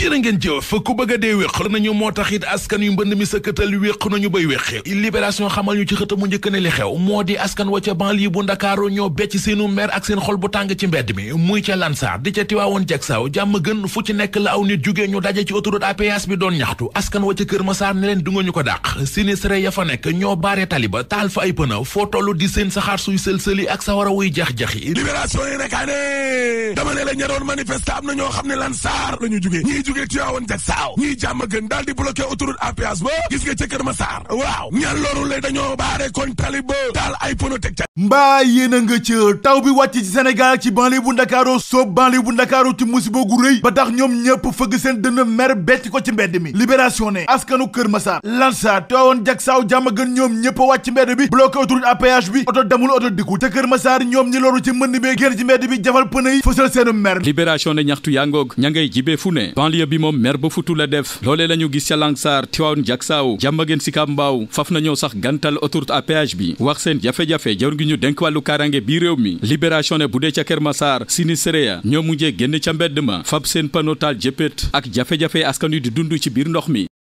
jërë ngeen jëf ku bëgg a dee wéq nañu moo tax it askan yu mbënd mi sëkkatal wéq nañu bay wéqi libération xamal ñu ci xët mu njëkk ne li xew moo di askan wa ca banlieue bu ndakaaru ñoo becc seenu mer ak seen xol bu tàng ci mbedd mi muy ca Lansar di ca Tiwaawoon Jaksaaw jàmm gën fu ci nekk la aw nit jugee ñu daje ci autoroute à péage bi doon ñaxtu askan wa ca Kër Masaar ne leen du nga ñu ko dàq sinistré ya fa nekk ñoo baare taliba taal fa ay pëna foo toll di seen saxaar suy sël-sëli ak sawara wuy jax-jaxi libération yi rekaane dama ne la ñaroon manifester am na ñoo xam ne Lansar lañu jugee jógee Tivaouane jag saaw ñiy jàmm gën daal di bloqué autoroute à péage ba gis nga ca Kër Massar waaw ñan loolu lay dañoo baare kon tali ba daal ay pono ca mbaa yéen nga ca taw bi wàcc ci Sénégal ci banlieue bu Ndakaaru soob banlieue bu Ndakaaru ci musiba gu rëy ba tax ñoom ñëpp fëgg seen dënn mer betti ko ci mbedd mi libération ne askanu Kër Massar Lansar Tivaouane jag saaw jàmm gën ñoom ñëpp a wàcc ci mbedd bi bloqué autoroute à péage bi oto demul oto dikkul te Kër Massar ñoom ñi loolu ci mbënd bi génn ci bi jafal pëne yi fësal seenu mer libération ne ñaxtu yaa ngoog banlieue bi moom mer ba futu la def loolee la ñu gis ca Langsar Tivaouane Diacksao jàmmageen Sicap Mbao faf nañoo sax gantal autoroute à bi wax seen jafe-jafe jawr ngi ñu denk wàllu kaarange bii réew mi libération ne bu dee ca Kër Massar sinistré ya ñoo mujjee génn ca mbedd ma fab seen panotaal jëppét ak jafe-jafe askan wi di dund ci biir ndox mi